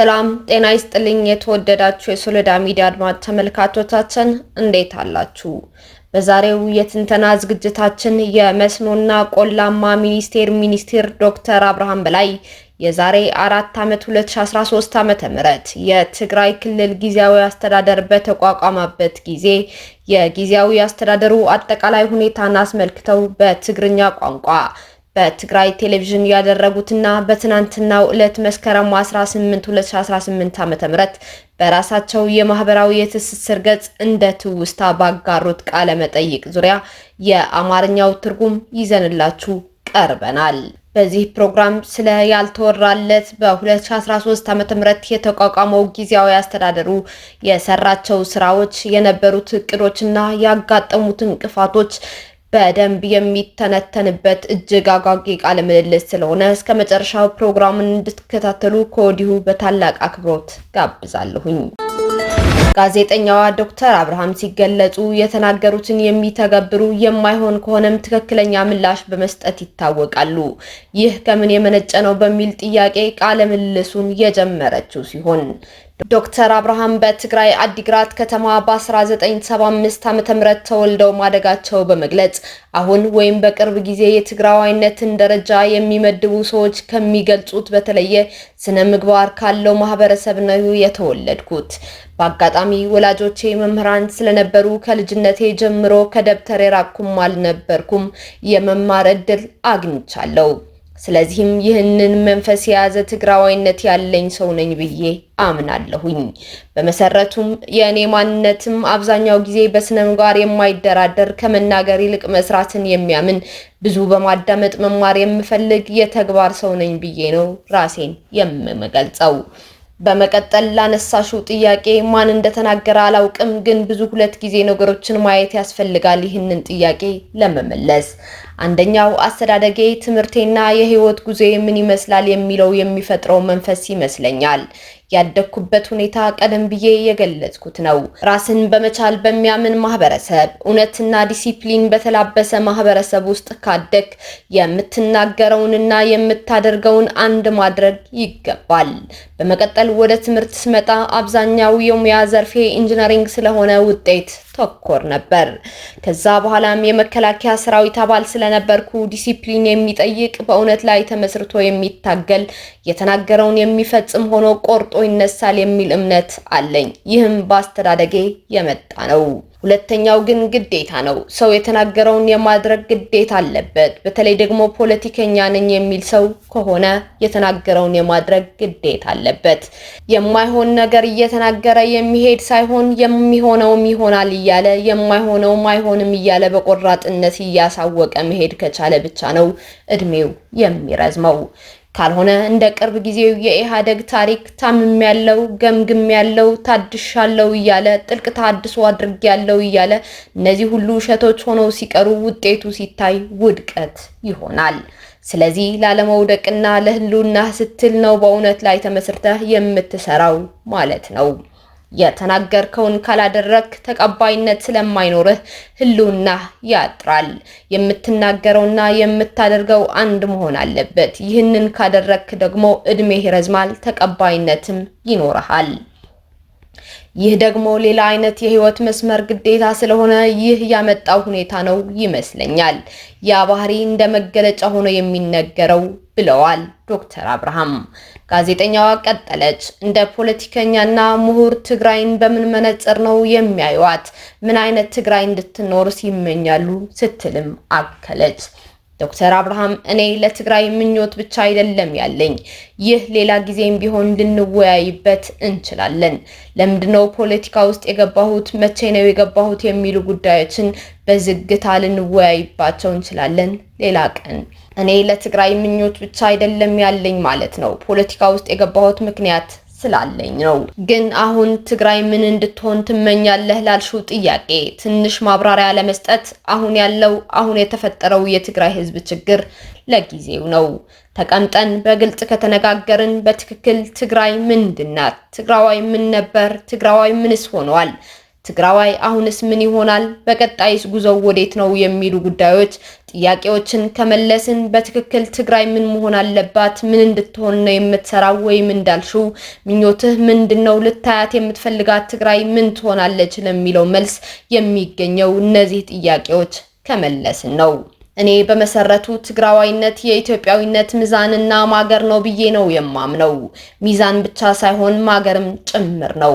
ሰላም ጤና ይስጥልኝ። የተወደዳችሁ የሶለዳ ሚዲያ አድማጭ ተመልካቾቻችን እንዴት አላችሁ? በዛሬው የትንተና ዝግጅታችን የመስኖና ቆላማ ሚኒስቴር ሚኒስትር ዶክተር አብርሃም በላይ የዛሬ አራት ዓመት 2013 ዓ.ም የትግራይ ክልል ጊዜያዊ አስተዳደር በተቋቋመበት ጊዜ የጊዜያዊ አስተዳደሩ አጠቃላይ ሁኔታን አስመልክተው በትግርኛ ቋንቋ በትግራይ ቴሌቪዥን ያደረጉትና በትናንትናው ዕለት መስከረም 18 2018 ም በራሳቸው የማህበራዊ የትስስር ገጽ እንደ ትውስታ ባጋሩት ቃለ መጠይቅ ዙሪያ የአማርኛው ትርጉም ይዘንላችሁ ቀርበናል። በዚህ ፕሮግራም ስለ ያልተወራለት በ2013 ም የተቋቋመው ጊዜያዊ አስተዳደሩ የሰራቸው ስራዎች፣ የነበሩት እቅዶችና ያጋጠሙት እንቅፋቶች በደንብ የሚተነተንበት እጅግ አጓጊ ቃለ ምልልስ ስለሆነ እስከ መጨረሻው ፕሮግራሙን እንድትከታተሉ ከወዲሁ በታላቅ አክብሮት ጋብዛለሁኝ። ጋዜጠኛዋ ዶክተር አብርሃም ሲገለጹ የተናገሩትን የሚተገብሩ የማይሆን ከሆነም ትክክለኛ ምላሽ በመስጠት ይታወቃሉ። ይህ ከምን የመነጨ ነው በሚል ጥያቄ ቃለ ምልልሱን የጀመረችው ሲሆን ዶክተር አብርሃም በትግራይ አዲግራት ከተማ በ1975 ም ተወልደው ማደጋቸው በመግለጽ አሁን ወይም በቅርብ ጊዜ የትግራዋይነትን ደረጃ የሚመድቡ ሰዎች ከሚገልጹት በተለየ ስነ ምግባር ካለው ማህበረሰብ ነው የተወለድኩት። በአጋጣሚ ወላጆቼ መምህራን ስለነበሩ ከልጅነቴ ጀምሮ ከደብተር የራቅኩም አልነበርኩም። የመማር እድል አግኝቻለሁ። ስለዚህም ይህንን መንፈስ የያዘ ትግራዋይነት ያለኝ ሰው ነኝ ብዬ አምናለሁኝ። በመሰረቱም የእኔ ማንነትም አብዛኛው ጊዜ በስነ ምግባር የማይደራደር ከመናገር ይልቅ መስራትን የሚያምን ብዙ በማዳመጥ መማር የምፈልግ የተግባር ሰው ነኝ ብዬ ነው ራሴን የምገልጸው። በመቀጠል ላነሳሽው ጥያቄ ማን እንደተናገረ አላውቅም፣ ግን ብዙ ሁለት ጊዜ ነገሮችን ማየት ያስፈልጋል ይህንን ጥያቄ ለመመለስ። አንደኛው አስተዳደጌ፣ ትምህርቴና የህይወት ጉዞዬ ምን ይመስላል የሚለው የሚፈጥረው መንፈስ ይመስለኛል። ያደግኩበት ሁኔታ ቀደም ብዬ የገለጽኩት ነው። ራስን በመቻል በሚያምን ማህበረሰብ፣ እውነትና ዲሲፕሊን በተላበሰ ማህበረሰብ ውስጥ ካደግ የምትናገረውንና የምታደርገውን አንድ ማድረግ ይገባል። በመቀጠል ወደ ትምህርት ስመጣ አብዛኛው የሙያ ዘርፌ ኢንጂነሪንግ ስለሆነ ውጤት ተኮር ነበር። ከዛ በኋላም የመከላከያ ሰራዊት አባል ስለነበርኩ ዲሲፕሊን የሚጠይቅ በእውነት ላይ ተመስርቶ የሚታገል የተናገረውን የሚፈጽም ሆኖ ቆርጦ ይነሳል የሚል እምነት አለኝ። ይህም በአስተዳደጌ የመጣ ነው። ሁለተኛው ግን ግዴታ ነው። ሰው የተናገረውን የማድረግ ግዴታ አለበት። በተለይ ደግሞ ፖለቲከኛ ነኝ የሚል ሰው ከሆነ የተናገረውን የማድረግ ግዴታ አለበት። የማይሆን ነገር እየተናገረ የሚሄድ ሳይሆን የሚሆነውም ይሆናል እያለ የማይሆነውም አይሆንም እያለ በቆራጥነት እያሳወቀ መሄድ ከቻለ ብቻ ነው እድሜው የሚረዝመው። ካልሆነ እንደ ቅርብ ጊዜው የኢህአደግ ታሪክ ታምም ያለው ገምግም ያለው ታድሻለው እያለ ጥልቅ ታድሶ አድርግ ያለው እያለ እነዚህ ሁሉ ውሸቶች ሆነው ሲቀሩ ውጤቱ ሲታይ ውድቀት ይሆናል። ስለዚህ ላለመውደቅና ለህልውና ስትል ነው በእውነት ላይ ተመስርተህ የምትሰራው ማለት ነው። የተናገርከውን ካላደረክ ተቀባይነት ስለማይኖርህ ህልውና ያጥራል። የምትናገረውና የምታደርገው አንድ መሆን አለበት። ይህንን ካደረክ ደግሞ እድሜህ ይረዝማል፣ ተቀባይነትም ይኖርሃል። ይህ ደግሞ ሌላ አይነት የህይወት መስመር ግዴታ ስለሆነ ይህ ያመጣው ሁኔታ ነው ይመስለኛል። ያ ባህሪ እንደ መገለጫ ሆኖ የሚነገረው ብለዋል ዶክተር አብርሃም። ጋዜጠኛዋ ቀጠለች። እንደ ፖለቲከኛና ምሁር ትግራይን በምን መነጽር ነው የሚያዩዋት? ምን አይነት ትግራይ እንድትኖርስ ይመኛሉ? ስትልም አከለች። ዶክተር አብርሃም እኔ ለትግራይ ምኞት ብቻ አይደለም ያለኝ። ይህ ሌላ ጊዜም ቢሆን ልንወያይበት እንችላለን። ለምንድነው ፖለቲካ ውስጥ የገባሁት፣ መቼ ነው የገባሁት የሚሉ ጉዳዮችን በዝግታ ልንወያይባቸው እንችላለን ሌላ ቀን እኔ ለትግራይ ምኞት ብቻ አይደለም ያለኝ ማለት ነው። ፖለቲካ ውስጥ የገባሁት ምክንያት ስላለኝ ነው። ግን አሁን ትግራይ ምን እንድትሆን ትመኛለህ ላልሽው ጥያቄ ትንሽ ማብራሪያ ለመስጠት አሁን ያለው አሁን የተፈጠረው የትግራይ ሕዝብ ችግር ለጊዜው ነው። ተቀምጠን በግልጽ ከተነጋገርን በትክክል ትግራይ ምንድን ናት? ትግራዋይ ምን ነበር? ትግራዋይ ምንስ ሆነዋል? ትግራዋይ አሁንስ ምን ይሆናል? በቀጣይስ ጉዞው ወዴት ነው? የሚሉ ጉዳዮች ጥያቄዎችን ከመለስን በትክክል ትግራይ ምን መሆን አለባት፣ ምን እንድትሆን ነው የምትሰራው ወይም እንዳልሹ ምኞትህ ምንድነው፣ ልታያት የምትፈልጋት ትግራይ ምን ትሆናለች ለሚለው መልስ የሚገኘው እነዚህ ጥያቄዎች ከመለስን ነው። እኔ በመሰረቱ ትግራዋይነት የኢትዮጵያዊነት ሚዛንና ማገር ነው ብዬ ነው የማምነው። ሚዛን ብቻ ሳይሆን ማገርም ጭምር ነው።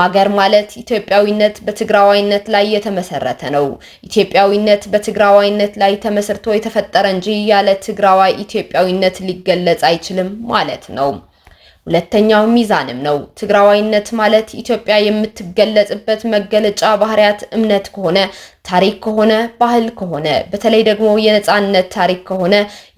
ማገር ማለት ኢትዮጵያዊነት በትግራዋይነት ላይ የተመሰረተ ነው። ኢትዮጵያዊነት በትግራዋይነት ላይ ተመስርቶ የተፈጠረ እንጂ ያለ ትግራዋይ ኢትዮጵያዊነት ሊገለጽ አይችልም ማለት ነው። ሁለተኛው ሚዛንም ነው። ትግራዋይነት ማለት ኢትዮጵያ የምትገለጽበት መገለጫ ባህሪያት እምነት ከሆነ ታሪክ ከሆነ ባህል ከሆነ በተለይ ደግሞ የነፃነት ታሪክ ከሆነ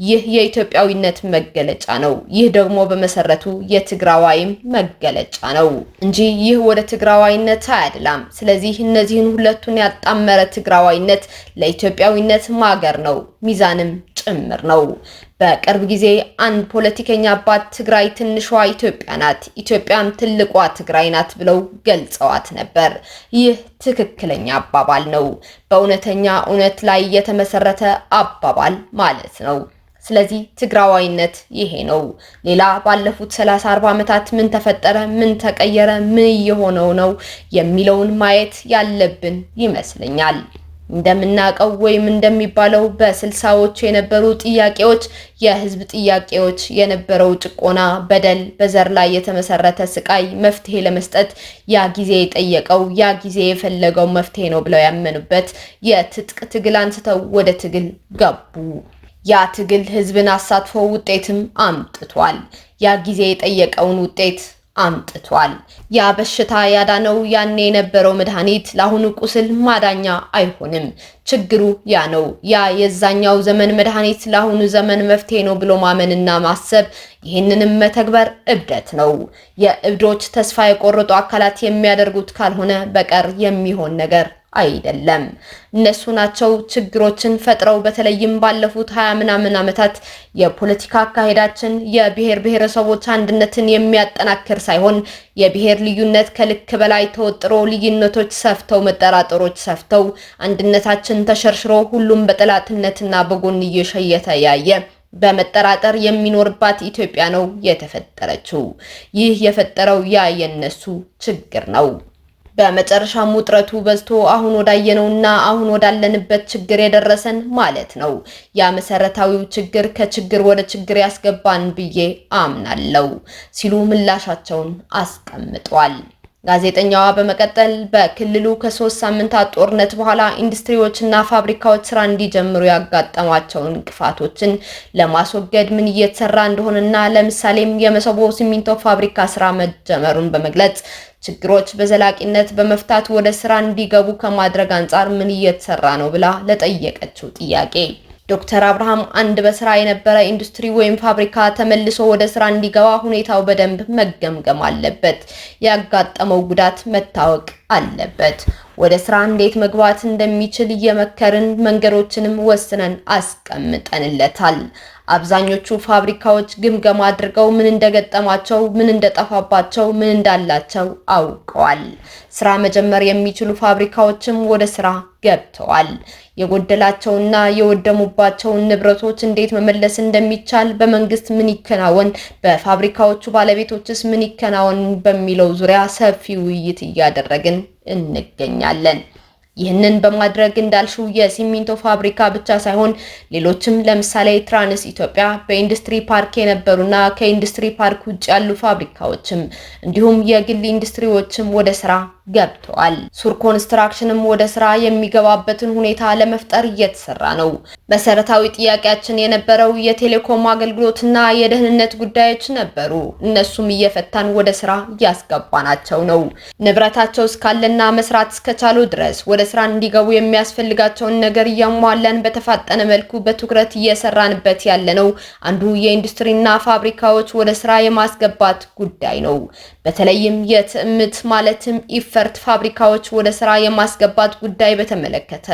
ይህ የኢትዮጵያዊነት መገለጫ ነው። ይህ ደግሞ በመሰረቱ የትግራዋይም መገለጫ ነው እንጂ ይህ ወደ ትግራዋይነት አያድላም። ስለዚህ እነዚህን ሁለቱን ያጣመረ ትግራዋይነት ለኢትዮጵያዊነት ማገር ነው፣ ሚዛንም ጭምር ነው። በቅርብ ጊዜ አንድ ፖለቲከኛ አባት ትግራይ ትንሿ ኢትዮጵያ ናት፣ ኢትዮጵያም ትልቋ ትግራይ ናት ብለው ገልጸዋት ነበር። ይህ ትክክለኛ አባባል ነው። በእውነተኛ እውነት ላይ የተመሰረተ አባባል ማለት ነው። ስለዚህ ትግራዋይነት ይሄ ነው። ሌላ ባለፉት 30 40 ዓመታት ምን ተፈጠረ፣ ምን ተቀየረ፣ ምን እየሆነው ነው የሚለውን ማየት ያለብን ይመስለኛል። እንደምናውቀው ወይም እንደሚባለው በስልሳዎቹ የነበሩ ጥያቄዎች የህዝብ ጥያቄዎች የነበረው ጭቆና፣ በደል፣ በዘር ላይ የተመሰረተ ስቃይ መፍትሄ ለመስጠት ያ ጊዜ የጠየቀው ያ ጊዜ የፈለገው መፍትሄ ነው ብለው ያመኑበት የትጥቅ ትግል አንስተው ወደ ትግል ገቡ። ያ ትግል ህዝብን አሳትፎ ውጤትም አምጥቷል። ያ ጊዜ የጠየቀውን ውጤት አምጥቷል። ያ በሽታ ያዳነው ያኔ የነበረው መድኃኒት ለአሁኑ ቁስል ማዳኛ አይሆንም። ችግሩ ያ ነው። ያ የዛኛው ዘመን መድኃኒት ለአሁኑ ዘመን መፍትሄ ነው ብሎ ማመንና ማሰብ፣ ይህንንም መተግበር እብደት ነው። የእብዶች ተስፋ የቆረጡ አካላት የሚያደርጉት ካልሆነ በቀር የሚሆን ነገር አይደለም። እነሱ ናቸው ችግሮችን ፈጥረው በተለይም ባለፉት ሀያ ምናምን ዓመታት የፖለቲካ አካሄዳችን የብሔር ብሔረሰቦች አንድነትን የሚያጠናክር ሳይሆን የብሔር ልዩነት ከልክ በላይ ተወጥሮ ልዩነቶች ሰፍተው መጠራጠሮች ሰፍተው አንድነታችን ተሸርሽሮ ሁሉም በጠላትነትና በጎንዮሽ እየተያየ በመጠራጠር የሚኖርባት ኢትዮጵያ ነው የተፈጠረችው። ይህ የፈጠረው ያ የነሱ ችግር ነው። በመጨረሻም ውጥረቱ በዝቶ አሁን ወዳየነውና አሁን ወዳለንበት ችግር የደረሰን ማለት ነው። ያ መሰረታዊው ችግር ከችግር ወደ ችግር ያስገባን ብዬ አምናለሁ። ሲሉ ምላሻቸውን አስቀምጧል። ጋዜጠኛዋ በመቀጠል በክልሉ ከሶስት ሳምንታት ጦርነት በኋላ ኢንዱስትሪዎችና ፋብሪካዎች ስራ እንዲጀምሩ ያጋጠሟቸውን እንቅፋቶችን ለማስወገድ ምን እየተሰራ እንደሆነና ለምሳሌም የመሰቦ ሲሚንቶ ፋብሪካ ስራ መጀመሩን በመግለጽ ችግሮች በዘላቂነት በመፍታት ወደ ስራ እንዲገቡ ከማድረግ አንጻር ምን እየተሰራ ነው ብላ ለጠየቀችው ጥያቄ ዶክተር አብርሃም አንድ በስራ የነበረ ኢንዱስትሪ ወይም ፋብሪካ ተመልሶ ወደ ስራ እንዲገባ ሁኔታው በደንብ መገምገም አለበት። ያጋጠመው ጉዳት መታወቅ አለበት። ወደ ስራ እንዴት መግባት እንደሚችል እየመከርን መንገዶችንም ወስነን አስቀምጠንለታል። አብዛኞቹ ፋብሪካዎች ግምገማ አድርገው ምን እንደገጠማቸው፣ ምን እንደጠፋባቸው፣ ምን እንዳላቸው አውቀዋል። ስራ መጀመር የሚችሉ ፋብሪካዎችም ወደ ስራ ገብተዋል። የጎደላቸውና የወደሙባቸውን ንብረቶች እንዴት መመለስ እንደሚቻል፣ በመንግስት ምን ይከናወን፣ በፋብሪካዎቹ ባለቤቶችስ ምን ይከናወን በሚለው ዙሪያ ሰፊ ውይይት እያደረግን እንገኛለን። ይህንን በማድረግ እንዳልሽው የሲሚንቶ ፋብሪካ ብቻ ሳይሆን ሌሎችም ለምሳሌ ትራንስ ኢትዮጵያ በኢንዱስትሪ ፓርክ የነበሩና ከኢንዱስትሪ ፓርክ ውጭ ያሉ ፋብሪካዎችም እንዲሁም የግል ኢንዱስትሪዎችም ወደ ስራ ገብተዋል። ሱር ኮንስትራክሽንም ወደ ስራ የሚገባበትን ሁኔታ ለመፍጠር እየተሰራ ነው። መሰረታዊ ጥያቄያችን የነበረው የቴሌኮም አገልግሎትና የደህንነት ጉዳዮች ነበሩ። እነሱም እየፈታን ወደ ስራ እያስገባናቸው ነው። ንብረታቸው እስካለና መስራት እስከቻሉ ድረስ ወደ ስራ እንዲገቡ የሚያስፈልጋቸውን ነገር እያሟላን በተፋጠነ መልኩ በትኩረት እየሰራንበት ያለነው አንዱ የኢንዱስትሪና ፋብሪካዎች ወደ ስራ የማስገባት ጉዳይ ነው። በተለይም የትዕምት ማለትም ኢፍ የፈርት ፋብሪካዎች ወደ ስራ የማስገባት ጉዳይ በተመለከተ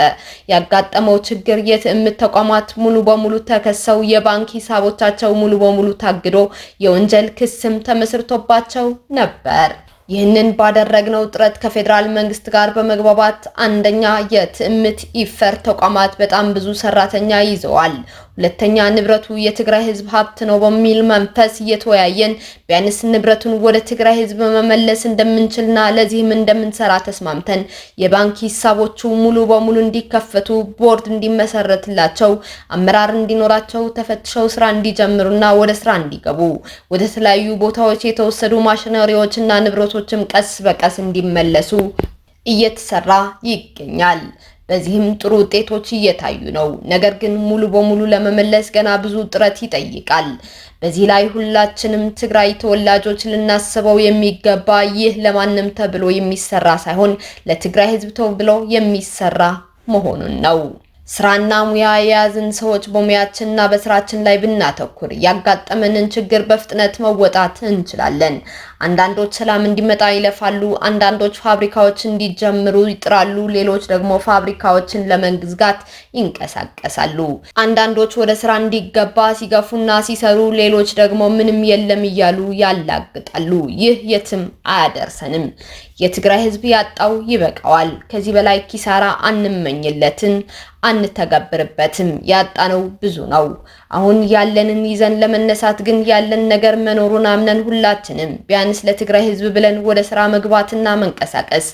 ያጋጠመው ችግር የትዕምት ተቋማት ሙሉ በሙሉ ተከሰው የባንክ ሂሳቦቻቸው ሙሉ በሙሉ ታግዶ የወንጀል ክስም ተመስርቶባቸው ነበር። ይህንን ባደረግነው ጥረት ከፌዴራል መንግስት ጋር በመግባባት አንደኛ የትዕምት ኢፈር ተቋማት በጣም ብዙ ሰራተኛ ይዘዋል፣ ሁለተኛ ንብረቱ የትግራይ ህዝብ ሀብት ነው በሚል መንፈስ እየተወያየን ቢያንስ ንብረቱን ወደ ትግራይ ህዝብ መመለስ እንደምንችልና ለዚህም እንደምንሰራ ተስማምተን የባንክ ሂሳቦቹ ሙሉ በሙሉ እንዲከፈቱ፣ ቦርድ እንዲመሰረትላቸው፣ አመራር እንዲኖራቸው፣ ተፈትሸው ስራ እንዲጀምሩና ወደ ስራ እንዲገቡ፣ ወደ ተለያዩ ቦታዎች የተወሰዱ ማሽነሪዎችና ንብረቶችም ቀስ በቀስ እንዲመለሱ እየተሰራ ይገኛል። በዚህም ጥሩ ውጤቶች እየታዩ ነው። ነገር ግን ሙሉ በሙሉ ለመመለስ ገና ብዙ ጥረት ይጠይቃል። በዚህ ላይ ሁላችንም ትግራይ ተወላጆች ልናስበው የሚገባ ይህ ለማንም ተብሎ የሚሰራ ሳይሆን ለትግራይ ሕዝብ ተብሎ የሚሰራ መሆኑን ነው። ስራና ሙያ የያዝን ሰዎች በሙያችንና በስራችን ላይ ብናተኩር ያጋጠመንን ችግር በፍጥነት መወጣት እንችላለን። አንዳንዶች ሰላም እንዲመጣ ይለፋሉ፣ አንዳንዶች ፋብሪካዎች እንዲጀምሩ ይጥራሉ፣ ሌሎች ደግሞ ፋብሪካዎችን ለመግዛት ይንቀሳቀሳሉ። አንዳንዶች ወደ ስራ እንዲገባ ሲገፉና ሲሰሩ፣ ሌሎች ደግሞ ምንም የለም እያሉ ያላግጣሉ። ይህ የትም አያደርሰንም። የትግራይ ህዝብ ያጣው ይበቃዋል። ከዚህ በላይ ኪሳራ አንመኝለትን፣ አንተገብርበትም። ያጣነው ብዙ ነው። አሁን ያለንን ይዘን ለመነሳት ግን ያለን ነገር መኖሩን አምነን ሁላችንም ቢያንስ ለትግራይ ሕዝብ ብለን ወደ ስራ መግባትና መንቀሳቀስ፣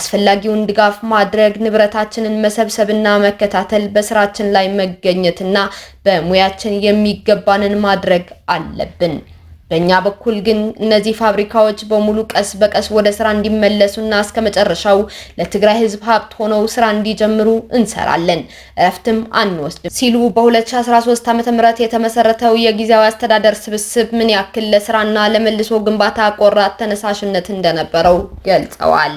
አስፈላጊውን ድጋፍ ማድረግ፣ ንብረታችንን መሰብሰብና መከታተል፣ በስራችን ላይ መገኘትና በሙያችን የሚገባንን ማድረግ አለብን። በእኛ በኩል ግን እነዚህ ፋብሪካዎች በሙሉ ቀስ በቀስ ወደ ስራ እንዲመለሱና እስከ መጨረሻው ለትግራይ ህዝብ ሀብት ሆነው ስራ እንዲጀምሩ እንሰራለን፣ እረፍትም አንወስድም ሲሉ በ2013 .ም የተመሰረተው የጊዜያዊ አስተዳደር ስብስብ ምን ያክል ለስራና ለመልሶ ግንባታ ቆራት ተነሳሽነት እንደነበረው ገልጸዋል።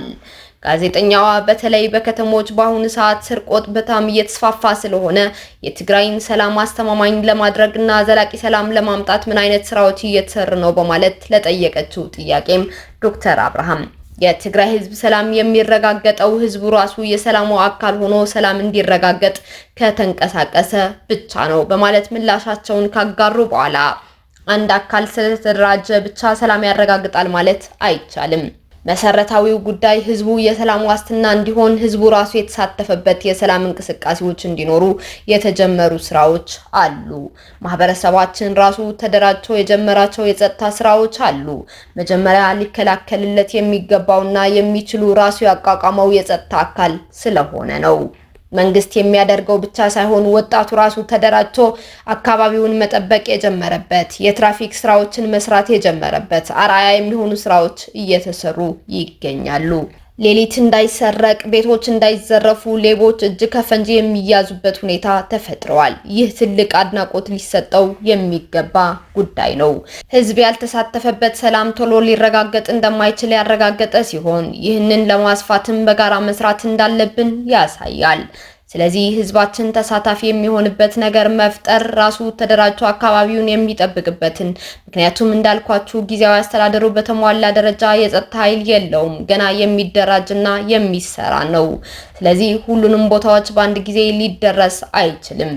ጋዜጠኛዋ በተለይ በከተሞች በአሁኑ ሰዓት ስርቆት በጣም እየተስፋፋ ስለሆነ የትግራይን ሰላም አስተማማኝ ለማድረግና ዘላቂ ሰላም ለማምጣት ምን አይነት ስራዎች እየተሰሩ ነው በማለት ለጠየቀችው ጥያቄም ዶክተር አብርሃም የትግራይ ህዝብ ሰላም የሚረጋገጠው ህዝቡ ራሱ የሰላሙ አካል ሆኖ ሰላም እንዲረጋገጥ ከተንቀሳቀሰ ብቻ ነው በማለት ምላሻቸውን ካጋሩ በኋላ አንድ አካል ስለተደራጀ ብቻ ሰላም ያረጋግጣል ማለት አይቻልም። መሰረታዊው ጉዳይ ህዝቡ የሰላም ዋስትና እንዲሆን ህዝቡ ራሱ የተሳተፈበት የሰላም እንቅስቃሴዎች እንዲኖሩ የተጀመሩ ስራዎች አሉ። ማህበረሰባችን ራሱ ተደራጅቶ የጀመራቸው የጸጥታ ስራዎች አሉ። መጀመሪያ ሊከላከልለት የሚገባውና የሚችሉ ራሱ ያቋቋመው የጸጥታ አካል ስለሆነ ነው። መንግስት የሚያደርገው ብቻ ሳይሆን ወጣቱ ራሱ ተደራጅቶ አካባቢውን መጠበቅ የጀመረበት፣ የትራፊክ ስራዎችን መስራት የጀመረበት አርአያ የሚሆኑ ስራዎች እየተሰሩ ይገኛሉ። ሌሊት እንዳይሰረቅ፣ ቤቶች እንዳይዘረፉ ሌቦች እጅ ከፈንጂ የሚያዙበት ሁኔታ ተፈጥረዋል። ይህ ትልቅ አድናቆት ሊሰጠው የሚገባ ጉዳይ ነው። ሕዝብ ያልተሳተፈበት ሰላም ቶሎ ሊረጋገጥ እንደማይችል ያረጋገጠ ሲሆን ይህንን ለማስፋትም በጋራ መስራት እንዳለብን ያሳያል። ስለዚህ ህዝባችን ተሳታፊ የሚሆንበት ነገር መፍጠር ራሱ ተደራጅቶ አካባቢውን የሚጠብቅበትን ምክንያቱም እንዳልኳችሁ ጊዜያዊ አስተዳደሩ በተሟላ ደረጃ የጸጥታ ኃይል የለውም። ገና የሚደራጅና የሚሰራ ነው። ስለዚህ ሁሉንም ቦታዎች በአንድ ጊዜ ሊደረስ አይችልም።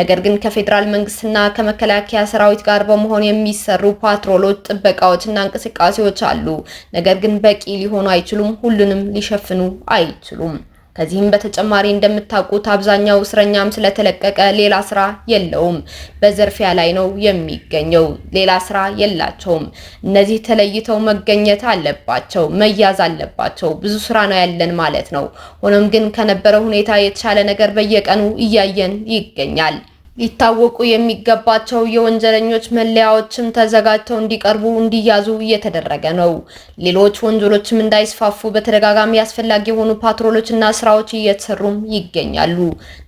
ነገር ግን ከፌዴራል መንግስትና ከመከላከያ ሰራዊት ጋር በመሆን የሚሰሩ ፓትሮሎች፣ ጥበቃዎችና እንቅስቃሴዎች አሉ። ነገር ግን በቂ ሊሆኑ አይችሉም። ሁሉንም ሊሸፍኑ አይችሉም። ከዚህም በተጨማሪ እንደምታውቁት አብዛኛው እስረኛም ስለተለቀቀ ሌላ ስራ የለውም፣ በዘርፊያ ላይ ነው የሚገኘው። ሌላ ስራ የላቸውም። እነዚህ ተለይተው መገኘት አለባቸው፣ መያዝ አለባቸው። ብዙ ስራ ነው ያለን ማለት ነው። ሆኖም ግን ከነበረው ሁኔታ የተሻለ ነገር በየቀኑ እያየን ይገኛል። ሊታወቁ የሚገባቸው የወንጀለኞች መለያዎችም ተዘጋጅተው እንዲቀርቡ እንዲያዙ እየተደረገ ነው። ሌሎች ወንጀሎችም እንዳይስፋፉ በተደጋጋሚ አስፈላጊ የሆኑ ፓትሮሎችና ስራዎች እየተሰሩም ይገኛሉ።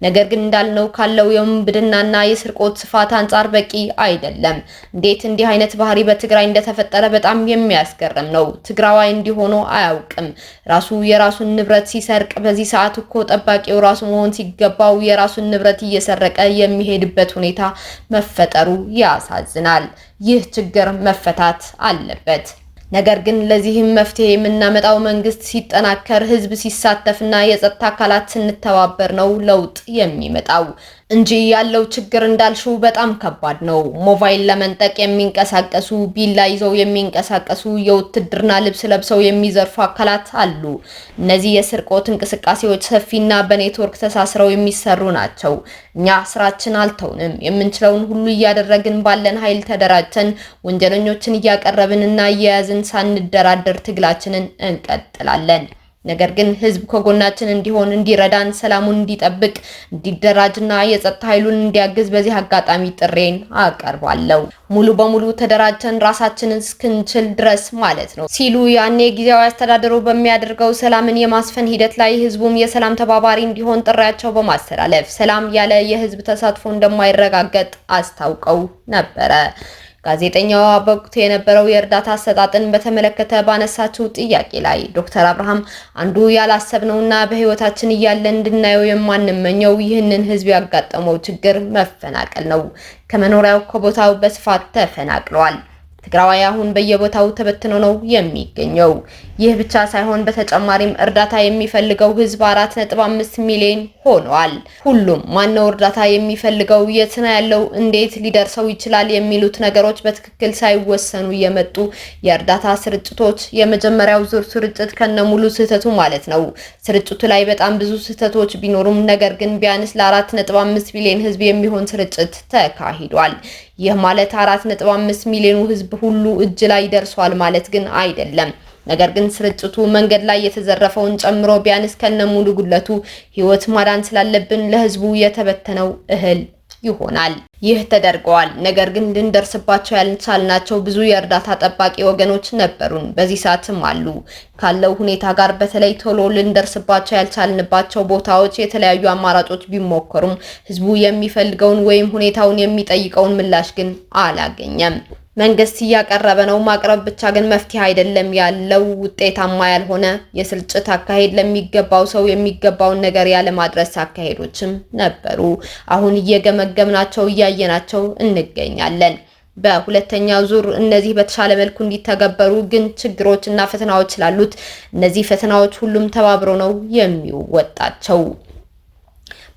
ነገር ግን እንዳልነው ካለው የውንብድናና የስርቆት ስፋት አንጻር በቂ አይደለም። እንዴት እንዲህ አይነት ባህሪ በትግራይ እንደተፈጠረ በጣም የሚያስገርም ነው። ትግራዋይ እንዲሆኖ አያውቅም። ራሱ የራሱን ንብረት ሲሰርቅ፣ በዚህ ሰዓት እኮ ጠባቂው ራሱ መሆን ሲገባው የራሱን ንብረት እየሰረቀ የሚሄድ የሚሄድበት ሁኔታ መፈጠሩ ያሳዝናል። ይህ ችግር መፈታት አለበት። ነገር ግን ለዚህም መፍትሄ የምናመጣው መንግስት ሲጠናከር፣ ህዝብ ሲሳተፍና የጸጥታ አካላት ስንተባበር ነው ለውጥ የሚመጣው። እንጂ ያለው ችግር እንዳልሽው በጣም ከባድ ነው። ሞባይል ለመንጠቅ የሚንቀሳቀሱ ቢላ ይዘው የሚንቀሳቀሱ የውትድርና ልብስ ለብሰው የሚዘርፉ አካላት አሉ። እነዚህ የስርቆት እንቅስቃሴዎች ሰፊና በኔትወርክ ተሳስረው የሚሰሩ ናቸው። እኛ ስራችን አልተውንም። የምንችለውን ሁሉ እያደረግን ባለን ኃይል ተደራጅተን ወንጀለኞችን እያቀረብንና እየያዝን ሳንደራደር ትግላችንን እንቀጥላለን። ነገር ግን ህዝብ ከጎናችን እንዲሆን እንዲረዳን፣ ሰላሙን እንዲጠብቅ እንዲደራጅና የጸጥታ ኃይሉን እንዲያግዝ በዚህ አጋጣሚ ጥሬን አቀርባለሁ። ሙሉ በሙሉ ተደራጅተን ራሳችንን እስክንችል ድረስ ማለት ነው ሲሉ ያኔ ጊዜያዊ አስተዳደሩ በሚያደርገው ሰላምን የማስፈን ሂደት ላይ ህዝቡም የሰላም ተባባሪ እንዲሆን ጥሪያቸው በማስተላለፍ ሰላም ያለ የህዝብ ተሳትፎ እንደማይረጋገጥ አስታውቀው ነበረ። ጋዜጠኛዋ በወቅቱ የነበረው የእርዳታ አሰጣጥን በተመለከተ ባነሳችው ጥያቄ ላይ ዶክተር አብርሃም አንዱ ያላሰብነውና በህይወታችን እያለን እንድናየው የማንመኘው ይህንን ህዝብ ያጋጠመው ችግር መፈናቀል ነው። ከመኖሪያው ከቦታው በስፋት ተፈናቅለዋል። ትግራዋይ አሁን በየቦታው ተበትኖ ነው የሚገኘው። ይህ ብቻ ሳይሆን በተጨማሪም እርዳታ የሚፈልገው ህዝብ 4.5 ሚሊዮን ሆኗል። ሁሉም ማነው እርዳታ የሚፈልገው፣ የት ነው ያለው፣ እንዴት ሊደርሰው ይችላል የሚሉት ነገሮች በትክክል ሳይወሰኑ የመጡ የእርዳታ ስርጭቶች። የመጀመሪያው ዙር ስርጭት ከነሙሉ ስህተቱ ማለት ነው። ስርጭቱ ላይ በጣም ብዙ ስህተቶች ቢኖሩም ነገር ግን ቢያንስ ለ4.5 ሚሊዮን ህዝብ የሚሆን ስርጭት ተካሂዷል። ይህ ማለት 4.5 ሚሊዮኑ ህዝብ ሁሉ እጅ ላይ ደርሷል ማለት ግን አይደለም። ነገር ግን ስርጭቱ መንገድ ላይ የተዘረፈውን ጨምሮ ቢያንስ ከነሙሉ ጉለቱ ህይወት ማዳን ስላለብን ለህዝቡ የተበተነው እህል ይሆናል። ይህ ተደርገዋል። ነገር ግን ልንደርስባቸው ያልቻልናቸው ብዙ የእርዳታ ጠባቂ ወገኖች ነበሩን፣ በዚህ ሰዓትም አሉ። ካለው ሁኔታ ጋር በተለይ ቶሎ ልንደርስባቸው ያልቻልንባቸው ቦታዎች የተለያዩ አማራጮች ቢሞከሩም ህዝቡ የሚፈልገውን ወይም ሁኔታውን የሚጠይቀውን ምላሽ ግን አላገኘም። መንግስት እያቀረበ ነው። ማቅረብ ብቻ ግን መፍትሄ አይደለም። ያለው ውጤታማ ያልሆነ የስልጭት አካሄድ ለሚገባው ሰው የሚገባውን ነገር ያለማድረስ አካሄዶችም ነበሩ። አሁን እየገመገምናቸው እያየናቸው እንገኛለን። በሁለተኛ ዙር እነዚህ በተሻለ መልኩ እንዲተገበሩ ግን ችግሮች እና ፈተናዎች ስላሉት እነዚህ ፈተናዎች ሁሉም ተባብሮ ነው የሚወጣቸው።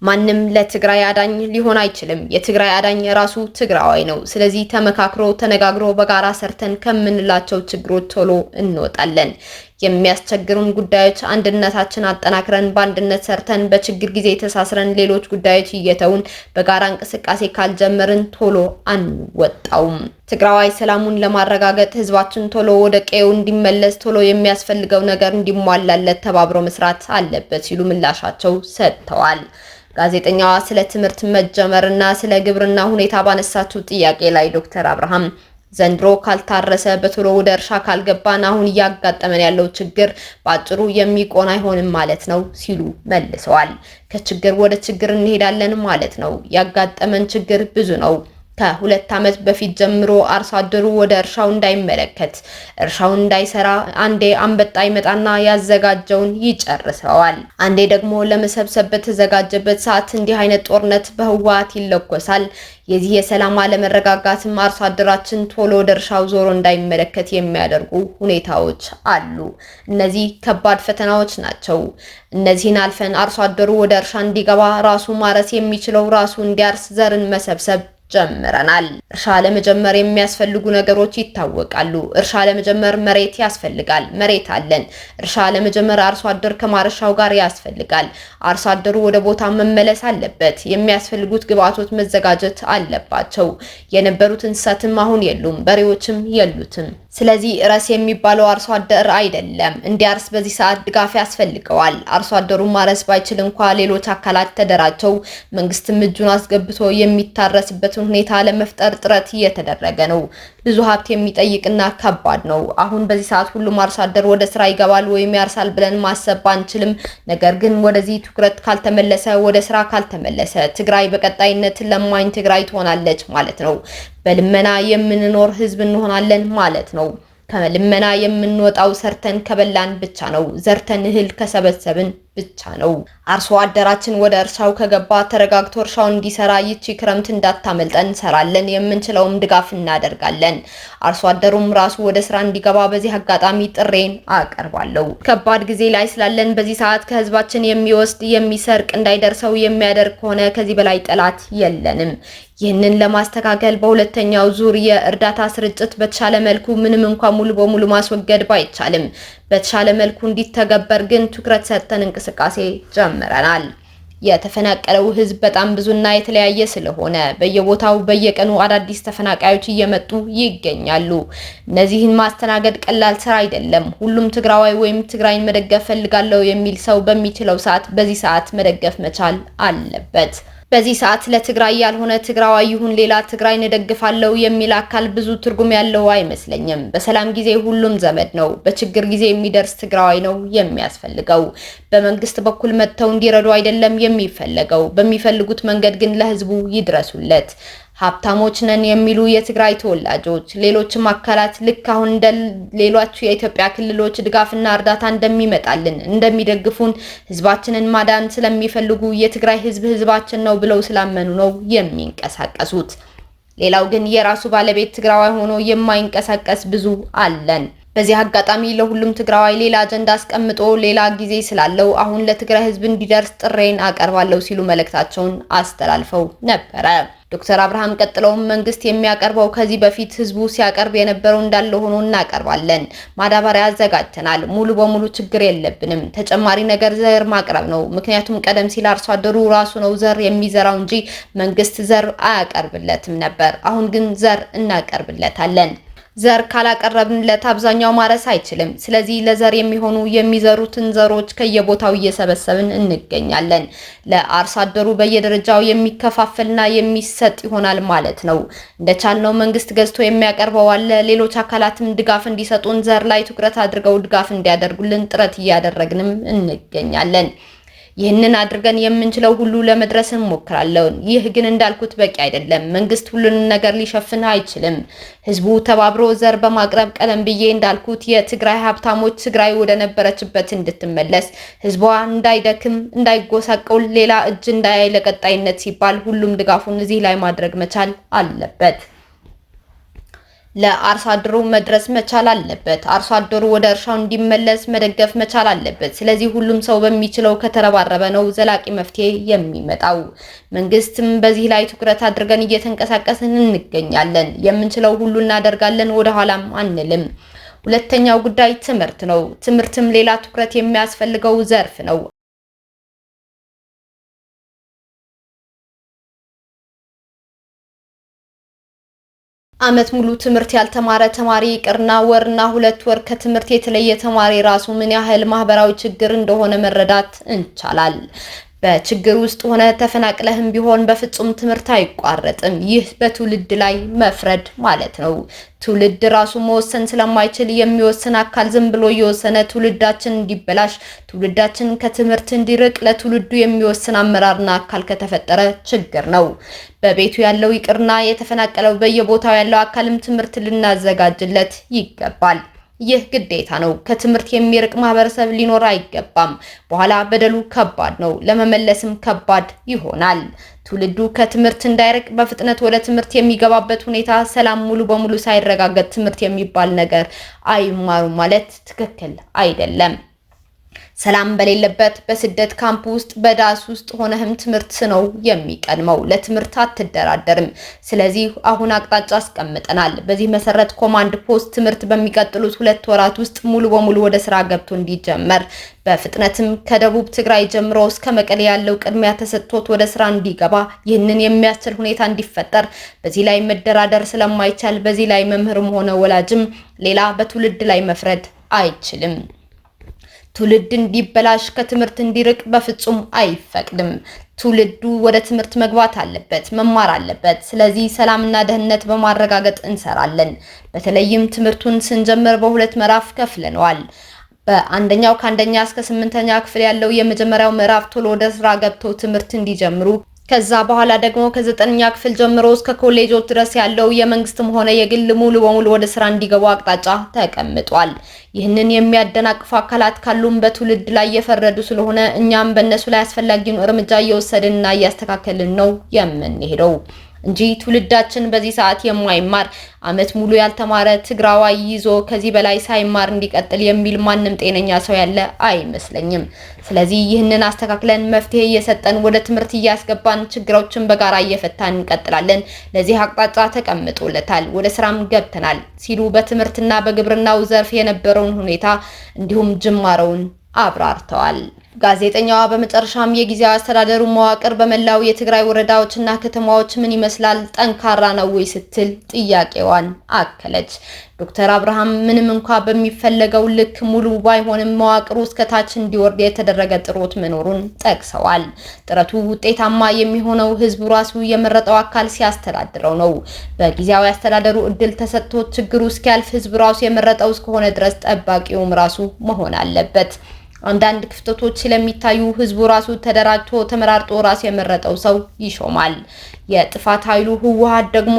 ማንም ለትግራይ አዳኝ ሊሆን አይችልም። የትግራይ አዳኝ ራሱ ትግራዋይ ነው። ስለዚህ ተመካክሮ ተነጋግሮ በጋራ ሰርተን ከምንላቸው ችግሮች ቶሎ እንወጣለን። የሚያስቸግሩን ጉዳዮች አንድነታችን አጠናክረን በአንድነት ሰርተን በችግር ጊዜ ተሳስረን ሌሎች ጉዳዮች እየተውን በጋራ እንቅስቃሴ ካልጀመርን ቶሎ አንወጣውም። ትግራዋይ ሰላሙን ለማረጋገጥ ህዝባችን ቶሎ ወደ ቀዬው እንዲመለስ ቶሎ የሚያስፈልገው ነገር እንዲሟላለት ተባብሮ መስራት አለበት ሲሉ ምላሻቸው ሰጥተዋል። ጋዜጠኛዋ ስለ ትምህርት መጀመርና ስለ ግብርና ሁኔታ ባነሳችው ጥያቄ ላይ ዶክተር አብርሃም ዘንድሮ ካልታረሰ በቶሎ ወደ እርሻ ካልገባን አሁን እያጋጠመን ያለው ችግር በአጭሩ የሚቆን አይሆንም ማለት ነው ሲሉ መልሰዋል። ከችግር ወደ ችግር እንሄዳለን ማለት ነው። ያጋጠመን ችግር ብዙ ነው። ከሁለት ዓመት በፊት ጀምሮ አርሶ አደሩ ወደ እርሻው እንዳይመለከት እርሻው እንዳይሰራ አንዴ አንበጣ ይመጣና ያዘጋጀውን ይጨርሰዋል። አንዴ ደግሞ ለመሰብሰብ በተዘጋጀበት ሰዓት እንዲህ አይነት ጦርነት በህወሓት ይለኮሳል። የዚህ የሰላም አለመረጋጋትም አርሶ አደራችን ቶሎ ወደ እርሻው ዞሮ እንዳይመለከት የሚያደርጉ ሁኔታዎች አሉ። እነዚህ ከባድ ፈተናዎች ናቸው። እነዚህን አልፈን አርሶ አደሩ ወደ እርሻ እንዲገባ ራሱ ማረስ የሚችለው ራሱ እንዲያርስ ዘርን መሰብሰብ ጀምረናል። እርሻ ለመጀመር የሚያስፈልጉ ነገሮች ይታወቃሉ። እርሻ ለመጀመር መሬት ያስፈልጋል። መሬት አለን። እርሻ ለመጀመር አርሶ አደር ከማረሻው ጋር ያስፈልጋል። አርሶ አደሩ ወደ ቦታ መመለስ አለበት። የሚያስፈልጉት ግብአቶች መዘጋጀት አለባቸው። የነበሩት እንስሳትም አሁን የሉም፣ በሬዎችም የሉትም። ስለዚህ እረስ የሚባለው አርሶ አደር አይደለም። እንዲያርስ በዚህ ሰዓት ድጋፍ ያስፈልገዋል። አርሶ አደሩ ማረስ ባይችል እንኳ ሌሎች አካላት ተደራጅተው መንግስትም እጁን አስገብቶ የሚታረስበትን ሁኔታ ለመፍጠር ጥረት እየተደረገ ነው። ብዙ ሀብት የሚጠይቅና ከባድ ነው። አሁን በዚህ ሰዓት ሁሉም አርሶ አደር ወደ ስራ ይገባል ወይም ያርሳል ብለን ማሰብ አንችልም። ነገር ግን ወደዚህ ትኩረት ካልተመለሰ፣ ወደ ስራ ካልተመለሰ ትግራይ በቀጣይነት ለማኝ ትግራይ ትሆናለች ማለት ነው። በልመና የምንኖር ህዝብ እንሆናለን ማለት ነው። ከልመና የምንወጣው ሰርተን ከበላን ብቻ ነው። ዘርተን እህል ከሰበሰብን ብቻ ነው። አርሶ አደራችን ወደ እርሻው ከገባ ተረጋግቶ እርሻው እንዲሰራ ይቺ ክረምት እንዳታመልጠን እንሰራለን፣ የምንችለውም ድጋፍ እናደርጋለን። አርሶ አደሩም ራሱ ወደ ስራ እንዲገባ በዚህ አጋጣሚ ጥሬን አቀርባለሁ። ከባድ ጊዜ ላይ ስላለን በዚህ ሰዓት ከህዝባችን የሚወስድ የሚሰርቅ እንዳይደርሰው የሚያደርግ ከሆነ ከዚህ በላይ ጠላት የለንም። ይህንን ለማስተካከል በሁለተኛው ዙር የእርዳታ ስርጭት በተሻለ መልኩ ምንም እንኳን ሙሉ በሙሉ ማስወገድ ባይቻልም በተሻለ መልኩ እንዲተገበር ግን ትኩረት ሰጥተን እንቅስቃሴ ጀምረናል። የተፈናቀለው ህዝብ በጣም ብዙና የተለያየ ስለሆነ በየቦታው በየቀኑ አዳዲስ ተፈናቃዮች እየመጡ ይገኛሉ። እነዚህን ማስተናገድ ቀላል ስራ አይደለም። ሁሉም ትግራዋይ ወይም ትግራይን መደገፍ ፈልጋለሁ የሚል ሰው በሚችለው ሰዓት በዚህ ሰዓት መደገፍ መቻል አለበት። በዚህ ሰዓት ለትግራይ ያልሆነ ትግራዋይ ይሁን ሌላ ትግራይ እንደግፋለሁ የሚል አካል ብዙ ትርጉም ያለው አይመስለኝም። በሰላም ጊዜ ሁሉም ዘመድ ነው፣ በችግር ጊዜ የሚደርስ ትግራዋይ ነው የሚያስፈልገው። በመንግስት በኩል መጥተው እንዲረዱ አይደለም የሚፈለገው፣ በሚፈልጉት መንገድ ግን ለህዝቡ ይድረሱለት። ሀብታሞች ነን የሚሉ የትግራይ ተወላጆች ሌሎችም አካላት ልክ አሁን እንደ ሌሎቹ የኢትዮጵያ ክልሎች ድጋፍና እርዳታ እንደሚመጣልን እንደሚደግፉን ህዝባችንን ማዳን ስለሚፈልጉ የትግራይ ህዝብ ህዝባችን ነው ብለው ስላመኑ ነው የሚንቀሳቀሱት። ሌላው ግን የራሱ ባለቤት ትግራዋይ ሆኖ የማይንቀሳቀስ ብዙ አለን። በዚህ አጋጣሚ ለሁሉም ትግራዋይ ሌላ አጀንዳ አስቀምጦ ሌላ ጊዜ ስላለው አሁን ለትግራይ ህዝብ እንዲደርስ ጥሬን አቀርባለሁ ሲሉ መልእክታቸውን አስተላልፈው ነበረ። ዶክተር አብርሃም ቀጥለውም መንግስት የሚያቀርበው ከዚህ በፊት ህዝቡ ሲያቀርብ የነበረው እንዳለ ሆኖ እናቀርባለን። ማዳበሪያ አዘጋጅተናል። ሙሉ በሙሉ ችግር የለብንም። ተጨማሪ ነገር ዘር ማቅረብ ነው። ምክንያቱም ቀደም ሲል አርሶ አደሩ ራሱ ነው ዘር የሚዘራው እንጂ መንግስት ዘር አያቀርብለትም ነበር። አሁን ግን ዘር እናቀርብለታለን። ዘር ካላቀረብንለት አብዛኛው ማረስ አይችልም። ስለዚህ ለዘር የሚሆኑ የሚዘሩትን ዘሮች ከየቦታው እየሰበሰብን እንገኛለን። ለአርሶ አደሩ በየደረጃው የሚከፋፈልና የሚሰጥ ይሆናል ማለት ነው። እንደቻልነው መንግስት ገዝቶ የሚያቀርበው አለ። ሌሎች አካላትም ድጋፍ እንዲሰጡን ዘር ላይ ትኩረት አድርገው ድጋፍ እንዲያደርጉልን ጥረት እያደረግንም እንገኛለን። ይህንን አድርገን የምንችለው ሁሉ ለመድረስ እንሞክራለን። ይህ ግን እንዳልኩት በቂ አይደለም። መንግስት ሁሉንም ነገር ሊሸፍን አይችልም። ህዝቡ ተባብሮ ዘር በማቅረብ ቀለም ብዬ እንዳልኩት የትግራይ ሀብታሞች ትግራይ ወደ ነበረችበት እንድትመለስ ህዝቧ እንዳይደክም፣ እንዳይጎሳቀል፣ ሌላ እጅ እንዳያይ ለቀጣይነት ሲባል ሁሉም ድጋፉን እዚህ ላይ ማድረግ መቻል አለበት። ለአርሶ አደሩ መድረስ መቻል አለበት። አርሶ አደሩ ወደ እርሻው እንዲመለስ መደገፍ መቻል አለበት። ስለዚህ ሁሉም ሰው በሚችለው ከተረባረበ ነው ዘላቂ መፍትሄ የሚመጣው። መንግስትም በዚህ ላይ ትኩረት አድርገን እየተንቀሳቀስን እንገኛለን። የምንችለው ሁሉ እናደርጋለን፣ ወደ ኋላም አንልም። ሁለተኛው ጉዳይ ትምህርት ነው። ትምህርትም ሌላ ትኩረት የሚያስፈልገው ዘርፍ ነው። ዓመት ሙሉ ትምህርት ያልተማረ ተማሪ ይቅርና ወርና ሁለት ወር ከትምህርት የተለየ ተማሪ ራሱ ምን ያህል ማህበራዊ ችግር እንደሆነ መረዳት እንቻላል። በችግር ውስጥ ሆነ ተፈናቅለህም ቢሆን በፍጹም ትምህርት አይቋረጥም። ይህ በትውልድ ላይ መፍረድ ማለት ነው። ትውልድ ራሱ መወሰን ስለማይችል የሚወስን አካል ዝም ብሎ እየወሰነ ትውልዳችን እንዲበላሽ፣ ትውልዳችን ከትምህርት እንዲርቅ ለትውልዱ የሚወስን አመራርና አካል ከተፈጠረ ችግር ነው። በቤቱ ያለው ይቅርና የተፈናቀለው በየቦታው ያለው አካልም ትምህርት ልናዘጋጅለት ይገባል። ይህ ግዴታ ነው። ከትምህርት የሚርቅ ማህበረሰብ ሊኖር አይገባም። በኋላ በደሉ ከባድ ነው፣ ለመመለስም ከባድ ይሆናል። ትውልዱ ከትምህርት እንዳይርቅ በፍጥነት ወደ ትምህርት የሚገባበት ሁኔታ ሰላም ሙሉ በሙሉ ሳይረጋገጥ ትምህርት የሚባል ነገር አይማሩም ማለት ትክክል አይደለም። ሰላም በሌለበት በስደት ካምፕ ውስጥ በዳስ ውስጥ ሆነህም ትምህርት ነው የሚቀድመው። ለትምህርት አትደራደርም። ስለዚህ አሁን አቅጣጫ አስቀምጠናል። በዚህ መሰረት ኮማንድ ፖስት ትምህርት በሚቀጥሉት ሁለት ወራት ውስጥ ሙሉ በሙሉ ወደ ስራ ገብቶ እንዲጀመር በፍጥነትም ከደቡብ ትግራይ ጀምሮ እስከ መቀሌ ያለው ቅድሚያ ተሰጥቶት ወደ ስራ እንዲገባ ይህንን የሚያስችል ሁኔታ እንዲፈጠር በዚህ ላይ መደራደር ስለማይቻል በዚህ ላይ መምህርም ሆነ ወላጅም ሌላ በትውልድ ላይ መፍረድ አይችልም። ትውልድ እንዲበላሽ ከትምህርት እንዲርቅ በፍጹም አይፈቅድም። ትውልዱ ወደ ትምህርት መግባት አለበት፣ መማር አለበት። ስለዚህ ሰላምና ደህንነት በማረጋገጥ እንሰራለን። በተለይም ትምህርቱን ስንጀምር በሁለት ምዕራፍ ከፍለነዋል። በአንደኛው ከአንደኛ እስከ ስምንተኛ ክፍል ያለው የመጀመሪያው ምዕራፍ ቶሎ ወደ ስራ ገብተው ትምህርት እንዲጀምሩ ከዛ በኋላ ደግሞ ከዘጠነኛ ክፍል ጀምሮ እስከ ኮሌጆች ድረስ ያለው የመንግስትም ሆነ የግል ሙሉ በሙሉ ወደ ስራ እንዲገቡ አቅጣጫ ተቀምጧል። ይህንን የሚያደናቅፉ አካላት ካሉም በትውልድ ላይ የፈረዱ ስለሆነ እኛም በእነሱ ላይ አስፈላጊውን እርምጃ እየወሰድንና እያስተካከልን ነው የምንሄደው። እንጂ ትውልዳችን በዚህ ሰዓት የማይማር አመት ሙሉ ያልተማረ ትግራዋይ ይዞ ከዚህ በላይ ሳይማር እንዲቀጥል የሚል ማንም ጤነኛ ሰው ያለ አይመስለኝም። ስለዚህ ይህንን አስተካክለን መፍትሄ እየሰጠን ወደ ትምህርት እያስገባን ችግሮችን በጋራ እየፈታን እንቀጥላለን። ለዚህ አቅጣጫ ተቀምጦለታል፣ ወደ ስራም ገብተናል ሲሉ በትምህርትና በግብርናው ዘርፍ የነበረውን ሁኔታ እንዲሁም ጅማረውን አብራርተዋል። ጋዜጠኛዋ በመጨረሻም የጊዜያዊ አስተዳደሩ መዋቅር በመላው የትግራይ ወረዳዎችና ከተማዎች ምን ይመስላል? ጠንካራ ነው ወይ ስትል ጥያቄዋን አከለች። ዶክተር አብርሃም ምንም እንኳ በሚፈለገው ልክ ሙሉ ባይሆንም መዋቅሩ እስከታች እንዲወርድ የተደረገ ጥሮት መኖሩን ጠቅሰዋል። ጥረቱ ውጤታማ የሚሆነው ህዝቡ ራሱ የመረጠው አካል ሲያስተዳድረው ነው። በጊዜያዊ አስተዳደሩ እድል ተሰጥቶ ችግሩ እስኪያልፍ ህዝቡ ራሱ የመረጠው እስከሆነ ድረስ ጠባቂውም ራሱ መሆን አለበት። አንዳንድ ክፍተቶች ስለሚታዩ ህዝቡ ራሱ ተደራጅቶ ተመራርጦ ራሱ የመረጠው ሰው ይሾማል። የጥፋት ኃይሉ ህወሓት ደግሞ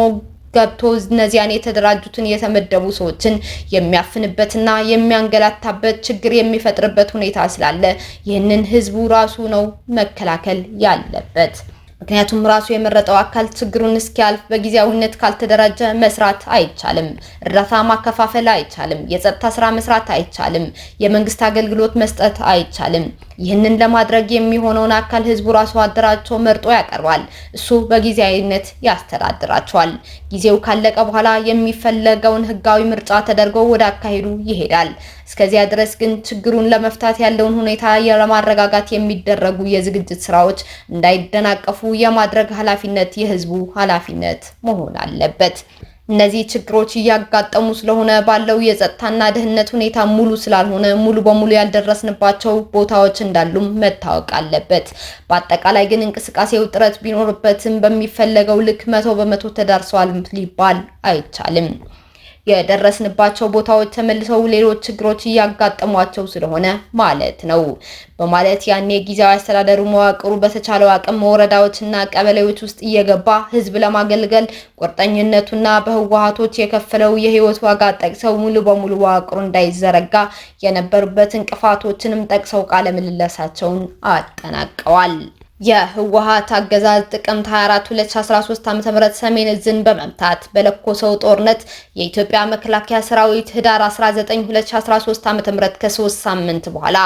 ገብቶ እነዚያን የተደራጁትን የተመደቡ ሰዎችን የሚያፍንበትና የሚያንገላታበት ችግር የሚፈጥርበት ሁኔታ ስላለ ይህንን ህዝቡ ራሱ ነው መከላከል ያለበት። ምክንያቱም ራሱ የመረጠው አካል ችግሩን እስኪያልፍ በጊዜያዊነት ካልተደራጀ መስራት አይቻልም። እርዳታ ማከፋፈል አይቻልም። የጸጥታ ስራ መስራት አይቻልም። የመንግስት አገልግሎት መስጠት አይቻልም። ይህንን ለማድረግ የሚሆነውን አካል ህዝቡ ራሱ አደራጅቶ መርጦ ያቀርባል። እሱ በጊዜያዊነት ያስተዳድራቸዋል። ጊዜው ካለቀ በኋላ የሚፈለገውን ህጋዊ ምርጫ ተደርጎ ወደ አካሄዱ ይሄዳል። እስከዚያ ድረስ ግን ችግሩን ለመፍታት ያለውን ሁኔታ ለማረጋጋት የሚደረጉ የዝግጅት ስራዎች እንዳይደናቀፉ የማድረግ ኃላፊነት የህዝቡ ኃላፊነት መሆን አለበት። እነዚህ ችግሮች እያጋጠሙ ስለሆነ ባለው የጸጥታና ደህንነት ሁኔታ ሙሉ ስላልሆነ ሙሉ በሙሉ ያልደረስንባቸው ቦታዎች እንዳሉም መታወቅ አለበት። በአጠቃላይ ግን እንቅስቃሴው ጥረት ቢኖርበትም በሚፈለገው ልክ መቶ በመቶ ተዳርሰዋል ሊባል አይቻልም። የደረስንባቸው ቦታዎች ተመልሰው ሌሎች ችግሮች እያጋጠሟቸው ስለሆነ ማለት ነው በማለት ያኔ ጊዜያዊ አስተዳደሩ መዋቅሩ በተቻለው አቅም ወረዳዎችና ቀበሌዎች ውስጥ እየገባ ህዝብ ለማገልገል ቁርጠኝነቱና በህወሀቶች የከፈለው የህይወት ዋጋ ጠቅሰው ሙሉ በሙሉ መዋቅሩ እንዳይዘረጋ የነበሩበት እንቅፋቶችንም ጠቅሰው ቃለ ምልልሳቸውን አጠናቀዋል። የህወሀት አገዛዝ ጥቅምት 24 2013 ዓ.ም ሰሜን እዝን በመምታት በለኮሰው ጦርነት የኢትዮጵያ መከላከያ ሰራዊት ህዳር 19 2013 ም ከሶስት ሳምንት በኋላ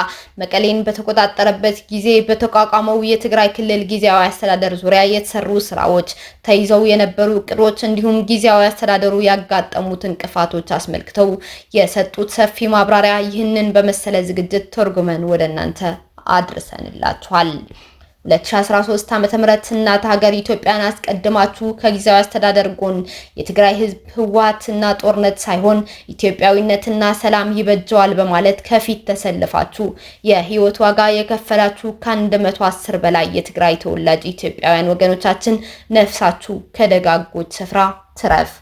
መቀሌን በተቆጣጠረበት ጊዜ በተቋቋመው የትግራይ ክልል ጊዜያዊ አስተዳደር ዙሪያ የተሰሩ ስራዎች፣ ተይዘው የነበሩ እቅዶች እንዲሁም ጊዜያዊ አስተዳደሩ ያጋጠሙት እንቅፋቶች አስመልክተው የሰጡት ሰፊ ማብራሪያ ይህንን በመሰለ ዝግጅት ተርጉመን ወደ እናንተ አድርሰንላችኋል። 2013 ዓ.ም እናት ሀገር ኢትዮጵያን አስቀድማችሁ ከጊዜያዊ አስተዳደር ጎን የትግራይ ህዝብ ህወሓትና ጦርነት ሳይሆን ኢትዮጵያዊነትና ሰላም ይበጀዋል በማለት ከፊት ተሰልፋችሁ የህይወት ዋጋ የከፈላችሁ ከ110 በላይ የትግራይ ተወላጅ ኢትዮጵያውያን ወገኖቻችን ነፍሳችሁ ከደጋጎች ስፍራ ትረፍ።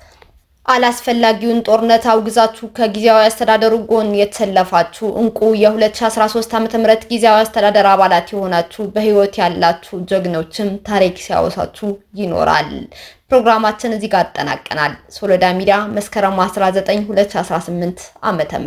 አላስፈላጊውን ጦርነት አውግዛችሁ ከጊዜያዊ አስተዳደሩ ጎን የተሰለፋችሁ እንቁ የ2013 ዓ.ም ጊዜያዊ አስተዳደር አባላት የሆናችሁ በህይወት ያላችሁ ጀግኖችም ታሪክ ሲያወሳችሁ ይኖራል። ፕሮግራማችን እዚህ ጋር አጠናቀናል። ሶሎዳ ሚዲያ መስከረም 19 2018 ዓ.ም